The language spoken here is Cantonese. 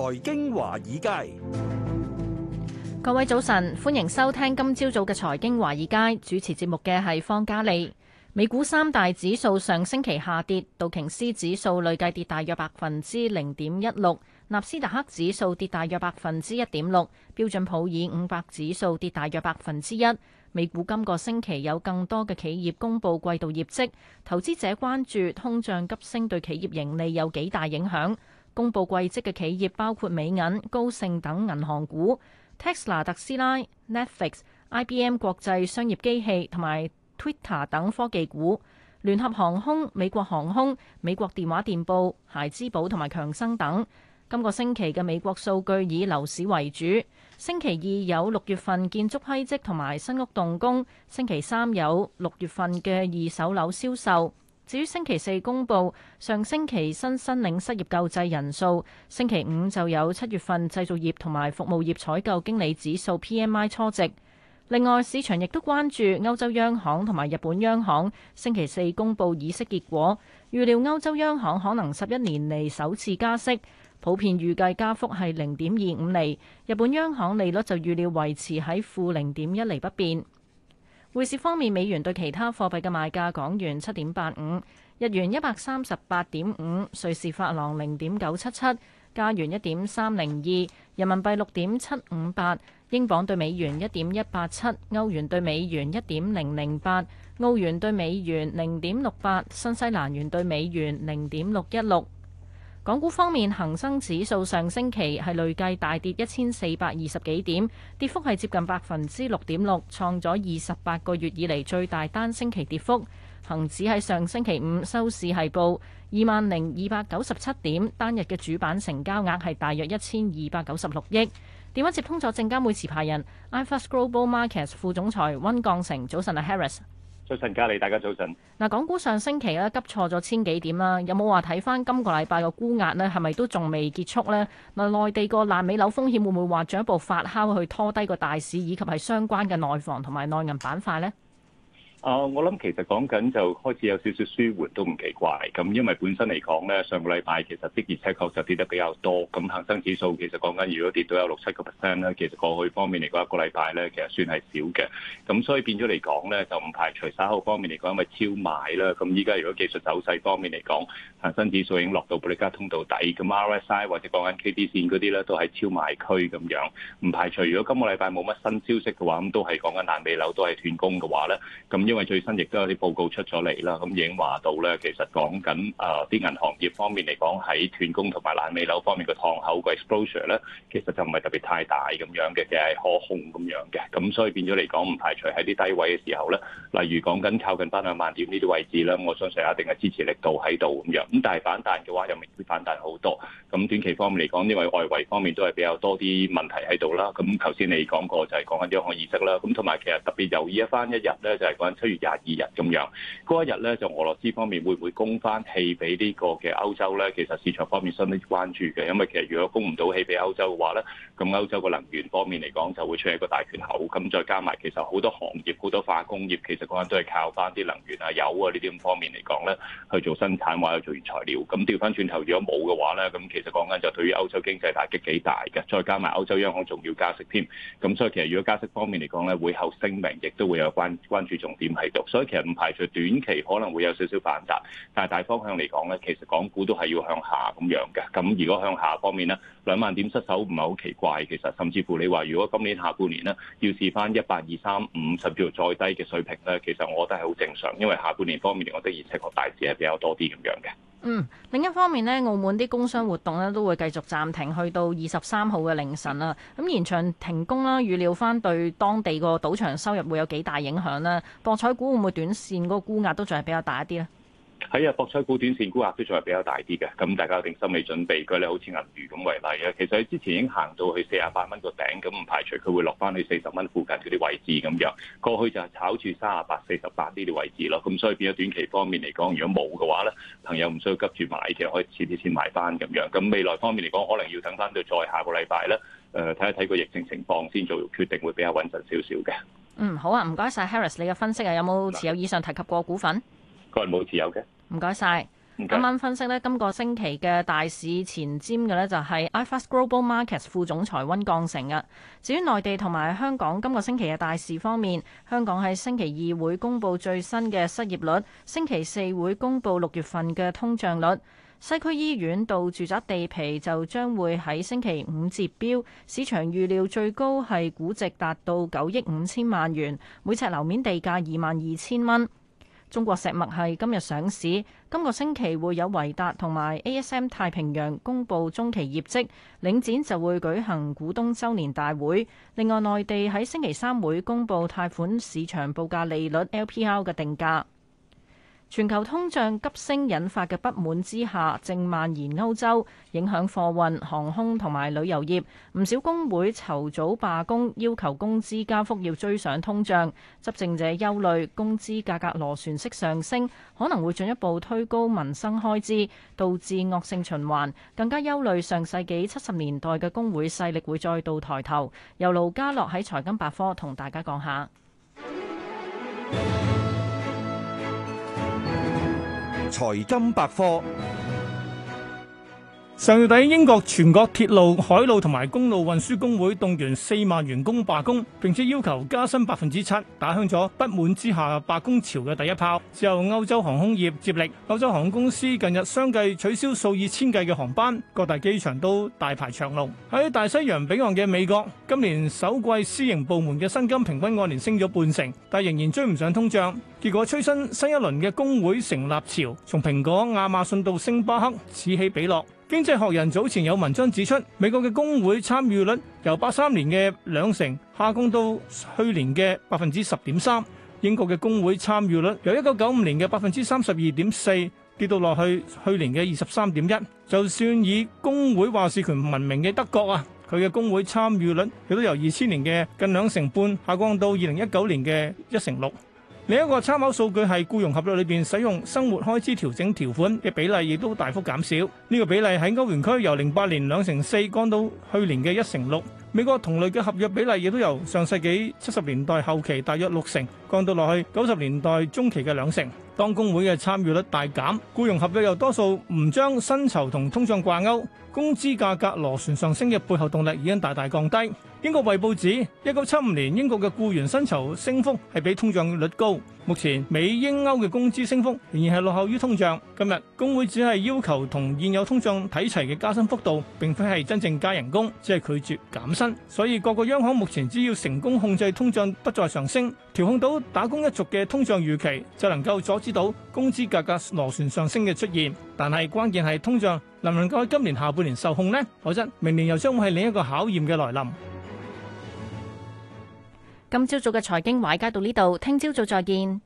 財經華爾街，各位早晨，歡迎收聽今朝早嘅財經華爾街。主持節目嘅係方嘉莉。美股三大指數上星期下跌，道瓊斯指數累計跌大約百分之零點一六，納斯達克指數跌大約百分之一點六，標準普爾五百指數跌大約百分之一。美股今個星期有更多嘅企業公佈季度業績，投資者關注通脹急升對企業盈利有幾大影響。公布季績嘅企業包括美銀、高盛等銀行股、Tesla、特斯拉、Netflix、IBM 國際商業機器同埋 Twitter 等科技股、聯合航空、美國航空、美國電話電報、孩之寶同埋強生等。今個星期嘅美國數據以樓市為主，星期二有六月份建築批積同埋新屋動工，星期三有六月份嘅二手樓銷售。至於星期四公布上星期新申領失業救濟人數，星期五就有七月份製造業同埋服務業採購經理指數 PMI 初值。另外，市場亦都關注歐洲央行同埋日本央行星期四公布議息結果，預料歐洲央行可能十一年嚟首次加息，普遍預計加幅係零點二五厘。日本央行利率就預料維持喺負零點一厘不變。匯市方面，美元對其他貨幣嘅賣價：港元七點八五，日元一百三十八點五，瑞士法郎零點九七七，加元一點三零二，人民幣六點七五八，英鎊對美元一點一八七，歐元對美元一點零零八，澳元對美元零點六八，新西蘭元對美元零點六一六。港股方面，恒生指數上星期係累計大跌一千四百二十幾點，跌幅係接近百分之六點六，創咗二十八個月以嚟最大單星期跌幅。恒指喺上星期五收市係報二萬零二百九十七點，單日嘅主板成交額係大約一千二百九十六億。電話接通咗證監會持牌人 iFAST Global Markets 副總裁温鋼成，早晨啊，Harris。早晨，嘉莉，大家早晨。嗱，港股上星期咧急挫咗千幾點啦，有冇話睇返今個禮拜個沽壓咧？係咪都仲未結束咧？嗱，內地個爛尾樓風險會唔會話進一步發酵去拖低個大市，以及係相關嘅內房同埋內銀板塊咧？啊，uh, 我諗其實講緊就開始有少少舒緩都唔奇怪，咁因為本身嚟講咧，上個禮拜其實的而且確實就跌得比較多，咁恒生指數其實講緊如果跌到有六七個 percent 咧，其實過去方面嚟講一個禮拜咧，其實算係少嘅，咁所以變咗嚟講咧，就唔排除稍後方面嚟講因為超買啦。咁依家如果技術走勢方面嚟講，恒生指數已經落到保力加通道底，咁 RSI 或者講緊 KD 線嗰啲咧都係超賣區咁樣，唔排除如果今個禮拜冇乜新消息嘅話，咁都係講緊爛尾樓都係斷供嘅話咧，咁。因為最新亦都有啲報告出咗嚟啦，咁已經話到咧，其實講緊啊啲銀行業方面嚟講，喺斷供同埋爛尾樓方面嘅堂口、個 exposure 咧，其實就唔係特別太大咁樣嘅，嘅係可控咁樣嘅，咁所以變咗嚟講，唔排除喺啲低位嘅時候咧，例如講緊靠近返兩萬點呢啲位置咧，我相信一定係支持力度喺度咁樣。咁但係反彈嘅話，又未必反彈好多。咁短期方面嚟講，因為外圍方面都係比較多啲問題喺度啦。咁頭先你講過就係講緊央行意識啦。咁同埋其實特別留意一翻一日咧，就係講。七月廿二日咁樣，嗰一日咧就俄羅斯方面會唔會供翻氣俾呢個嘅歐洲咧？其實市場方面相當關注嘅，因為其實如果供唔到氣俾歐洲嘅話咧，咁歐洲個能源方面嚟講就會出現一個大缺口。咁再加埋其實好多行業、好多化工業，其實講緊都係靠翻啲能源啊、油啊呢啲咁方面嚟講咧，去做生產或者做原材料。咁調翻轉頭，如果冇嘅話咧，咁其實講緊就對於歐洲經濟打擊幾大嘅。再加埋歐洲央行仲要加息添，咁所以其實如果加息方面嚟講咧，會後聲明亦都會有關關注重點。係，所以其實唔排除短期可能會有少少反彈，但係大方向嚟講呢，其實港股都係要向下咁樣嘅。咁如果向下方面呢，兩萬點失守唔係好奇怪。其實甚至乎你話，如果今年下半年呢，要試翻一八二三五甚至乎再低嘅水平呢，其實我覺得係好正常，因為下半年方面我哋熱情個大市係比較多啲咁樣嘅。嗯、另一方面咧，澳門啲工商活動咧都會繼續暫停，去到二十三號嘅凌晨啦、啊。咁、嗯、延長停工啦、啊，預料翻對當地個賭場收入會有幾大影響啦、啊。博彩股會唔會短線嗰個沽壓都仲係比較大一啲咧？喺啊，博彩股短線股壓都仲係比較大啲嘅，咁大家有定心理準備。佢你好似銀娛咁為例啊，其實佢之前已經行到去四十八蚊個頂，咁唔排除佢會落翻去四十蚊附近嗰啲位置咁樣。過去就係炒住三十八、四十八呢啲位置咯，咁所以變咗短期方面嚟講，如果冇嘅話咧，朋友唔需要急住買，其可以遲啲先買翻咁樣。咁未來方面嚟講，可能要等翻到再下個禮拜咧，誒睇一睇個疫情情況先做決定，會比較穩陣少少嘅。嗯，好啊，唔該晒。Harris，你嘅分析啊，有冇持有以上提及過股份？佢冇自由嘅。唔該晒。謝謝今晚分析呢，今個星期嘅大市前瞻嘅呢，就係 iFAST Global Markets 副總裁温鋼城啊。至於內地同埋香港今個星期嘅大市方面，香港喺星期二會公布最新嘅失業率，星期四會公布六月份嘅通脹率。西區醫院到住宅地皮就將會喺星期五截標，市場預料最高係估值達到九億五千萬元，每尺樓面地價二萬二千蚊。中國石墨係今日上市，今個星期會有維達同埋 ASM 太平洋公布中期業績，領展就會舉行股東周年大會。另外，內地喺星期三會公布貸款市場報價利率 LPR 嘅定價。全球通脹急升引發嘅不滿之下，正蔓延歐洲，影響貨運、航空同埋旅遊業。唔少工會提早罷工，要求工資加幅要追上通脹。執政者憂慮工資價格螺旋式上升，可能會進一步推高民生開支，導致惡性循環。更加憂慮上世紀七十年代嘅工會勢力會再度抬頭。由盧家樂喺財經百科同大家講下。財金百科。上月底，英國全國鐵路、海路同埋公路運輸工會動員四萬員工罷工，並且要求加薪百分之七，打響咗不滿之下罷工潮嘅第一炮。之後，歐洲航空業接力，歐洲航空公司近日相繼取消數以千計嘅航班，各大機場都大排長龍。喺大西洋彼岸嘅美國，今年首季私營部門嘅薪金平均按年升咗半成，但仍然追唔上通脹，結果催生新，新一輪嘅工會成立潮，從蘋果、亞馬遜到星巴克，此起彼落。經濟學人早前有文章指出，美國嘅工會參與率由八三年嘅兩成下降到去年嘅百分之十點三。英國嘅工會參與率由一九九五年嘅百分之三十二點四跌到落去去年嘅二十三點一。就算以工會話事權聞名嘅德國啊，佢嘅工會參與率亦都由二千年嘅近兩成半下降到二零一九年嘅一成六。另一個參考數據係僱傭合約裏面使用生活開支調整條款嘅比例，亦都大幅減少。呢個比例喺歐元區由零八年兩成四降到去年嘅一成六，美國同類嘅合約比例亦都由上世紀七十年代後期大約六成，降到落去九十年代中期嘅兩成，當工會嘅參與率大減，雇傭合約又多數唔將薪酬同通脹掛鈎，工資價格螺旋上升嘅背後動力已經大大降低。英國衛報指，一九七五年英國嘅雇員薪酬升幅係比通脹率高，目前美英歐嘅工資升幅仍然係落後於通脹。今日工會只係要求同現有通脹睇齊嘅加薪幅度，並非係真正加人工，只係拒絕減薪。所以各個央行目前只要成功控制通脹不再上升，調控到。打工一族嘅通脹預期，就能夠阻止到工資價格，格螺旋上升嘅出現。但係關鍵係通脹能唔能夠喺今年下半年受控呢？否則明年又將會係另一個考驗嘅來臨。今朝早嘅財經華爾街到呢度，聽朝早再見。